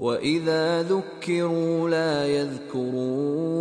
وَإِذَا ذُكِّرُوا لَا يَذْكُرُونَ